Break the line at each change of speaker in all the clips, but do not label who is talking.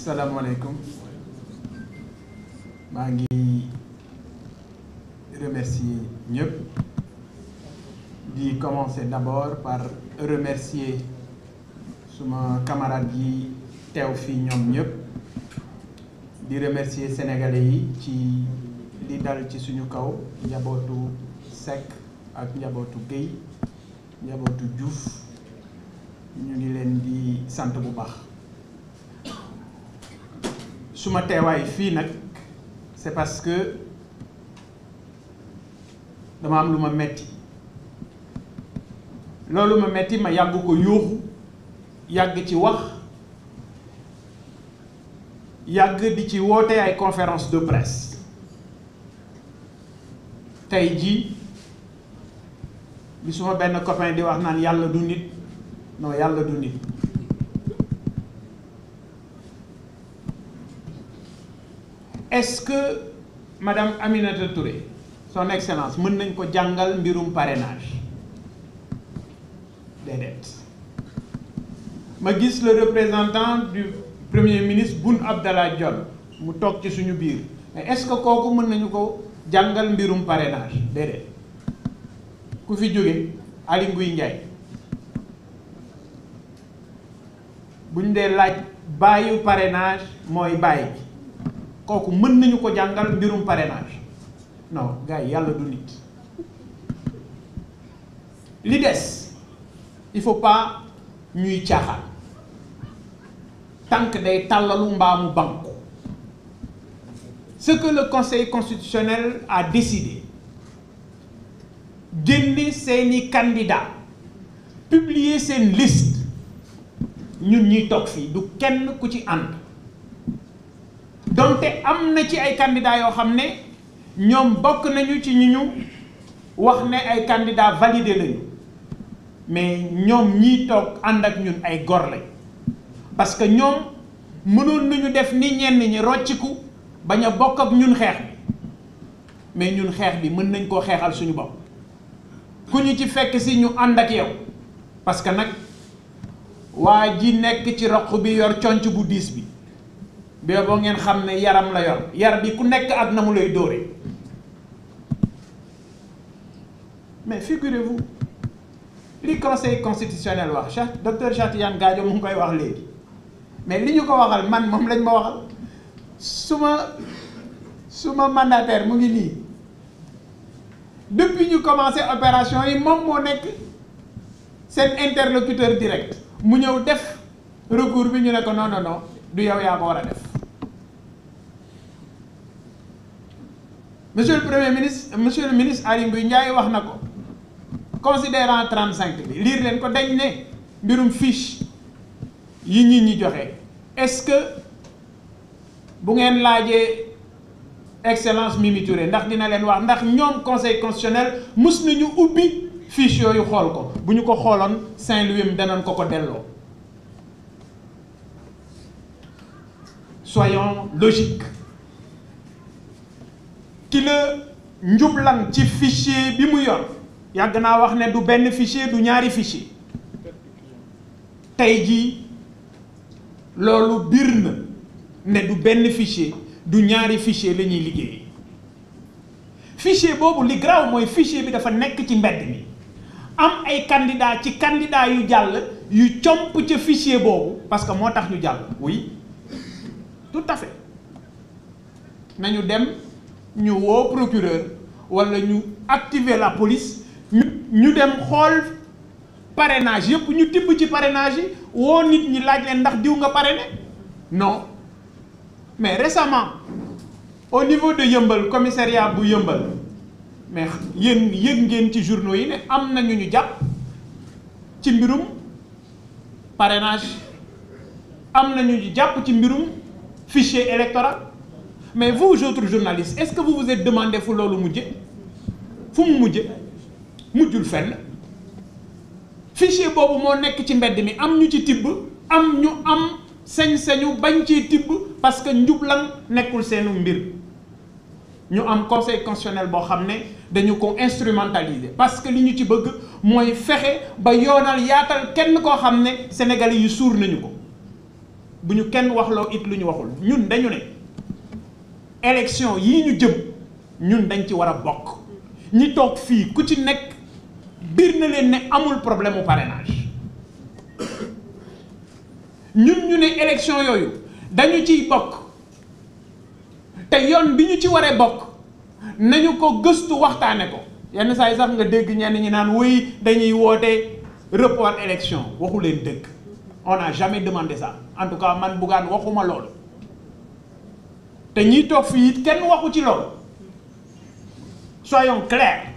salaamaaleykum maa ngi remercier ñëpp di commencer d'abord par remercier suma camarades yi teew fii ñoom ñëpp di remercier sénégalais yi ci li dal ci suñu kaw njabootu Seck ak njabootu géy njabootu juuf ñu ngi leen di sant bu baax. su ma teewaay fii nag c'est parce que dama am lu ma metti loolu ma metti ma yàgg ko yuuxu yàgg ci wax yàgg di ci woote ay conférence de presse tey jii li suma benn copain di wax naan yàlla du nit non yàlla du nit est-ce que madame Aminata Touré son excellence mën nañ ko jàngal mbirum parrainage déedéet ma gis le représentant du premier ministre Boun Abdallah Dionne mu toog ci suñu biir mais est-ce que kooku mën nañu ko jàngal mbirum parrainage déedéet ku fi jóge alinguy Ngouille buñ dee laaj bàyyu parrainage mooy bàyyi bi kooku mën nañu ko jàngal mbirum parrainage non gars yàlla du nit li des il faut pas ñuy caaxaan tànk day tàllalu mbaamu banku ce que le conseil constitutionnel a décidé génne seeni candidat publier seen liste ñun ñuy toog fii du kenn ku ci ànd donte am na ci ay candidats yoo xam ne ñoom bokk nañu ci ñu ñu wax ne ay candidats validé lañu mais ñoom ñiy toog ànd ak ñun ay gor lañ parce que ñoom mënoon nañu def ni ñenn ñi rocciku bañ a bokk ak ñun xeex bi mais ñun xeex bi mën nañ koo xeexal suñu bopp ku ñu ci fekk si ñu ànd ak yow parce que nag waa ji nekk ci roq bi yor conc bu diis bi bi boo ngeen xam ne yaram la yor yar bi ku nekk ak na mu lay dóore mais figurez-vous li conseil constitutionnel wax Cheikh docteur Cheikh Tidiane Gadio mu ngi koy wax léegi mais li ñu ko waxal man moom lañ ma waxal su ma su ma mandataire mu ngi nii depuis ñu commencé opération yi moom moo nekk seen interlocuteur direct mu ñëw def recours bi ñu ne ko non non du yow yaa ko war a def monsieur le premier ministre monsieur le ministre Aly Ngouille Ndiaye wax na ko considerant 35 bi liir leen ko dañ ne mbirum fiche yi nit ñi joxe est-ce que bu ngeen laajee excellence mimiture ndax dina leen wax ndax ñoom conseil constitutionnel mus nañu ubbi fiche yooyu xool ko bu ñu ko xooloon Saint-Louis danañ ko ko delloo ki la njublan ci fichier bi mu yor yàgg naa wax ne du benn fichier du ñaari fichier tey jii loolu biir na ne du benn fichier du ñaari fichier lañuy ñuy liggéey boobu li graaw mooy fichier bi dafa nekk ci mbedd mi am ay candidat ci candidat yu jàll yu comp ca fichier boobu parce que moo tax ñu jàll oui tout à nañu dem ñu woo procureur walla ñu activer la police ñu ñu dem xool parrainage yëpp ñu tibb ci parrainage yi woo nit ñi laaj leen ndax diw nga pare parrainé non mais récemment au niveau de yëmbal commissariat bu yëmbal mais yéen yëg ngeen ci journaux yi ne am nañu ñu jàpp ci mbirum parrainage am nañu ñu jàpp ci mbirum fichier électoral mais vous autres journalistes est-ce que vous vous êtes demandé fu loolu mujje fu mu mujje mujjul fenn fichier boobu moo nekk ci mbedd mi am ñu ci tibb am ñu am sañ-sañu bañ ciy tibb parce que njublan nekkul seenu mbir ñu am conseil constitutionnel boo xam ne dañu ko instrumentaliser parce que li ñu ci bëgg mooy fexe ba yoonal yaatal kenn koo xam ne sénégalais yu suur nañu ko bu ñu kenn waxloo it lu ñu waxul ñun dañu ne élection yii ñu jëm ñun dañ ci war a bokk ñi toog fii ku ci nekk biir na leen ne amul problème mu parrainage ñun ñu ne élection yooyu dañu ciy bokk te yoon bi ñu ci waree bokk nañu ko gëstu waxtaane ko yenn saa yi sax nga dégg ñenn ñi naan wuy dañuy woote report élection waxu leen dëkk on n'a jamais demandé ça en tout cas man Bougane waxuma loolu te ñiy toog fii it kenn waxu ci loolu soyons clairs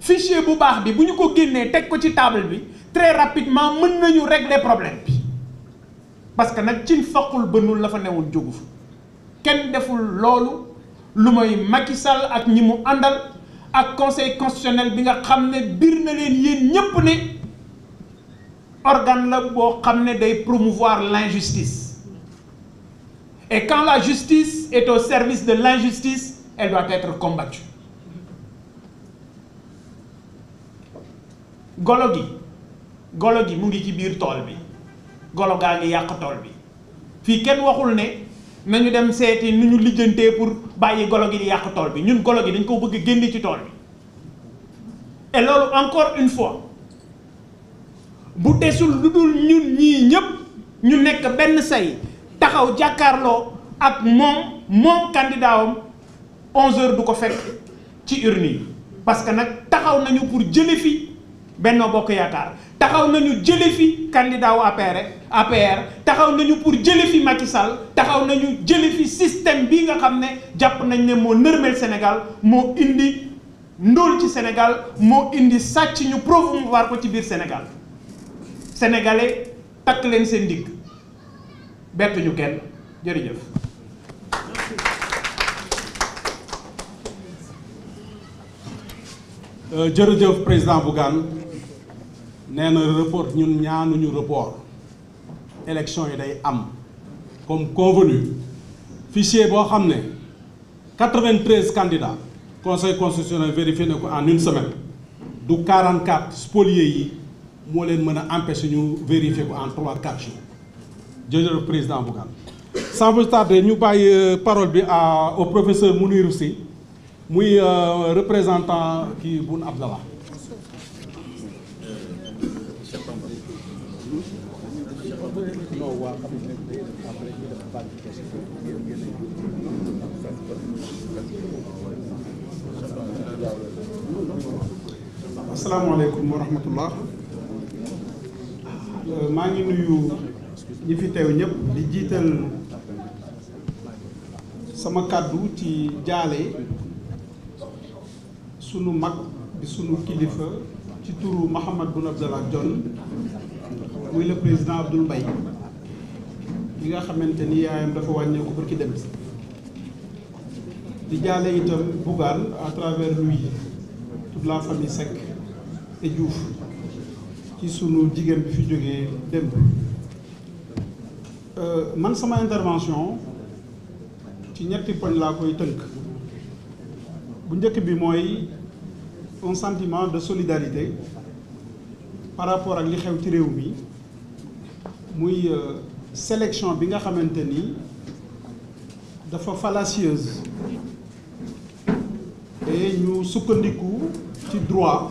fichier bu baax bi bu ñu ko génnee teg ko ci table bi très rapidement mën nañu régler problème bi parce que nag cin faqul bënul la fa newul jógu kenn deful loolu lu may Macky ak ñi mu àndal ak conseil constitutionnel bi nga xam ne biir na leen yéen ñépp ne organe la boo xam ne day promouvoir l'injustice Et quand la justice est au service de l'injustice, elle doit être combattue. golo gi golo gi mu ngi ci biir tool bi golo gaa ngi yàq tool bi fii kenn waxul ne nañu dem seeti nu ñu lijjantee pour bàyyi golo gi yàq tool bi ñun golo gi dañ koo bëgg génn ci tool bi et loolu encore une fois bu desul lu dul ñun ñii ñëpp ñu nekk benn say taxaw jàkkaarloo ak moom moom candidat am 11 du ko fekk ci urne yi parce que nag taxaw nañu pour jële fi Benno Bokk Yaakaar taxaw nañu jële fi candidat wu APR APR taxaw nañu pour jële fi matisal taxaw nañu jële fi système bi nga xam ne jàpp nañ ne moo nërmeel Sénégal moo indi ndóol ci Sénégal moo indi sàcc ñu promouvoir ko ci biir Sénégal sénégalais takk leen seen dikk bettuñu
kenn jërëjëf. Euh, jërëjëf président Bougane nee na report ñun ñaanuñu report élection yi day am comme convenu fichier boo xam ne 93 candidats conseil constitutionnel vérifié na ko en une semaine du 44 spolier yi moo leen mën a empêcher suñu vérifier ko en 3 4 jërëjëf président Bougane sans plus tarder ñu bàyyi euh, parole bi à au professeur Mounirou Sy euh, représentant kii Boun Abdallah asalaamaaleykum wa rahmatullah euh, maa ngi nuyu ñi fi teew ñëpp di jiital sama kàddu ci jaale sunu mag di sunu kilifa ci turu Mahammed Boun Abdallah Dionne muy le président Abdoul Mbaye bi nga xamante ni yaayam dafa wàññeeku pour ki dem di jaale itam Bougane à travers lui toute la famille Seck et Diouf ci sunu jigéen bi fi jógee démb Euh, man sama intervention ci ñetti poñ laa koy tënk bu njëkk bi mooy un sentiment de solidarité par rapport ak li xew ci réew mi muy euh, sélection bi nga xamante ni dafa fallacieuse et ñu sukkandiku ci droit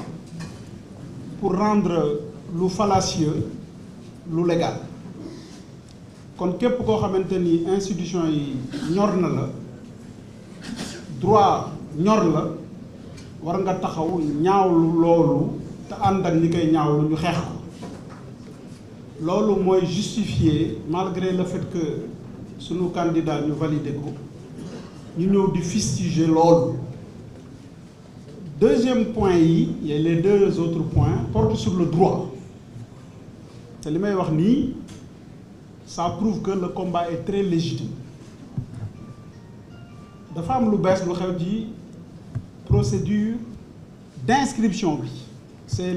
pour rendre lu fallacieux lu légal kon képp koo xamante ni institution yi ñor na la droit ñor la war nga taxaw ñaawlu loolu te ànd ak ñi koy ñaawlu ñu xeex ko loolu mooy justifier malgré le fait que sunu candidat ñu validé ko ñu ñëw di fustiger loolu deuxième point yi et les deux autres points portent sur le droit te li may wax nii ça prouve que le combat est très légitime dafa am lu bees lu xew ci procédure d'inscription bi c'est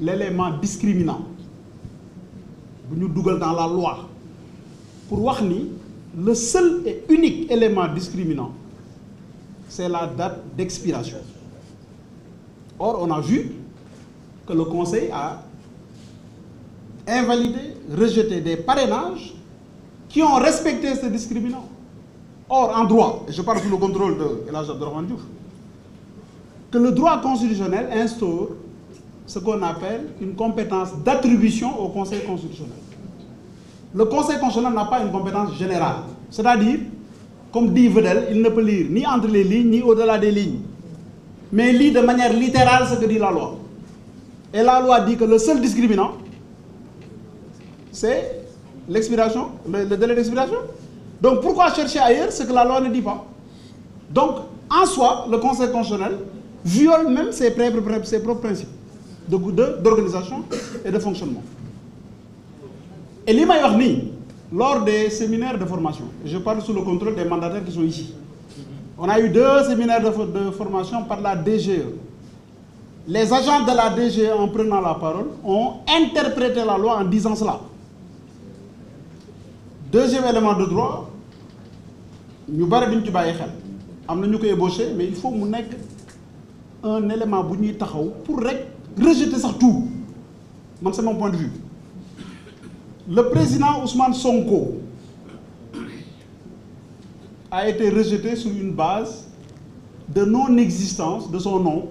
l'élément discriminant bu ñu dugal dans la loi pour wax ni le seul et unique élément discriminant c'est la date d'expiration or on a vu que le conseil a invalider, rejeter des parrainages qui ont respecté ce discriminant. Or, en droit, et je parle sous le contrôle de El Abdourahmane Diouf, que le droit constitutionnel instaure ce qu'on appelle une compétence d'attribution au Conseil constitutionnel. Le Conseil constitutionnel n'a pas une compétence générale. C'est-à-dire, comme dit Vedel, il ne peut lire ni entre les lignes, ni au-delà des lignes. Mais il de manière littérale ce que dit la loi. Et la loi dit c'est l'expiration, le, le délai d'expiration. Donc pourquoi chercher ailleurs ce que la loi ne dit pas Donc en soi, le Conseil constitutionnel viole même ses, propres, ses propres principes d'organisation et de fonctionnement. Et les Yorni, lors des séminaires de formation, je parle sous le contrôle des mandataires qui sont ici, on a eu deux séminaires de, formation par la DGE. Les agents de la DGE, en prenant la parole, ont interprété la loi en disant cela. deuxième élément de droit ñu bari duñ ci bàyyi xel am na ñu ko ébauché mais il faut mu nekk un élément bu ñuy taxaw pour rek rejeter sax tout man c'est mon point de vue le président Ousmane Sonko a été rejeté sur une base de non-existence de son nom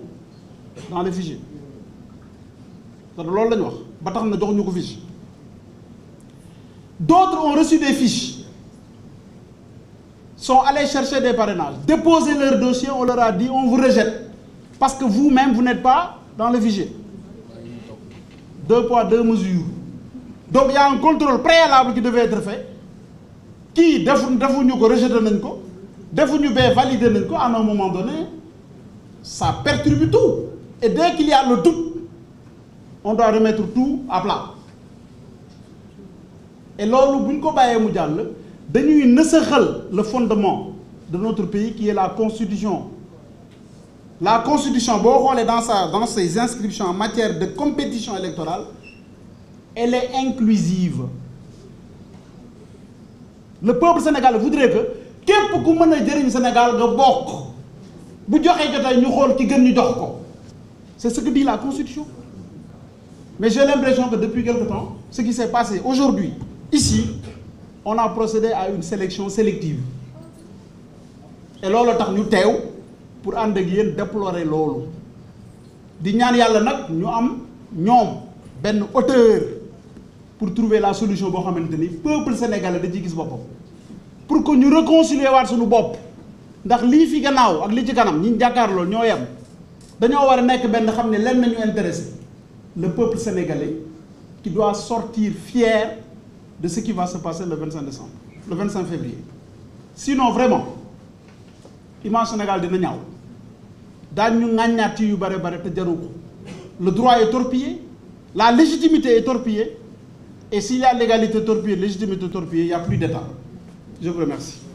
dans les fichiers loolu la ñu wax ba tax na jox ñu ko fiche D'autres ont reçu des fiches, sont allés chercher des parrainages, déposer leur dossier, on leur a dit on vous rejette. Parce que vous-même, vous, vous n'êtes pas dans le fichier. Deux poids, deux mesures. Donc il y a un contrôle préalable qui devait être fait. Qui, defuñu ko rejeté nañ ko, defuñu bee validé nañ ko, à un moment donné, ça perturbe tout. Et dès qu'il y a le doute, on doit remettre tout à plat. et loolu bu ñu ko bàyyee mu jàll dañuy nësaxal le fondement de notre pays qui est la constitution la constitution boo xoolee dans sa dans ses inscriptions en matière de compétition électorale elle est inclusive le peuple sénégalais voudrait que képp ku mën a jëriñ Sénégal nga bokk bu joxee jotee ñu xool ci gën ñu jox ko c'est ce que dit la constitution mais j'ai l'impression que depuis quelque temps ce qui s'est passé aujourd'hui ici on a procédé à une sélection sélective et loolu tax ñu teew pour ànd ak yéen déplorer loolu di ñaan yàlla nag ñu am ñoom benn hauteur pour trouver la solution boo xamante ni peuple sénégalais da ciy gis boppam pour que ñu réconcilier waat suñu bopp ndax lii fi gannaaw ak li ci kanam ñi jàkkaarloo ñoo yem dañoo war a nekk benn xam ne lenn nañu intéressé le peuple sénégalais qui doit sortir fier de ce qui va se passer le 25 décembre le 25 février sinon vraiment image Sénégal dina ñaaw daañu ñu ŋàññaat ci yu bare bare te jaru ko le droit est torpillé la légitimité est torpillée et s'il y a légalité torpillée légitimité torpillée il y a plus d'État je vous remercie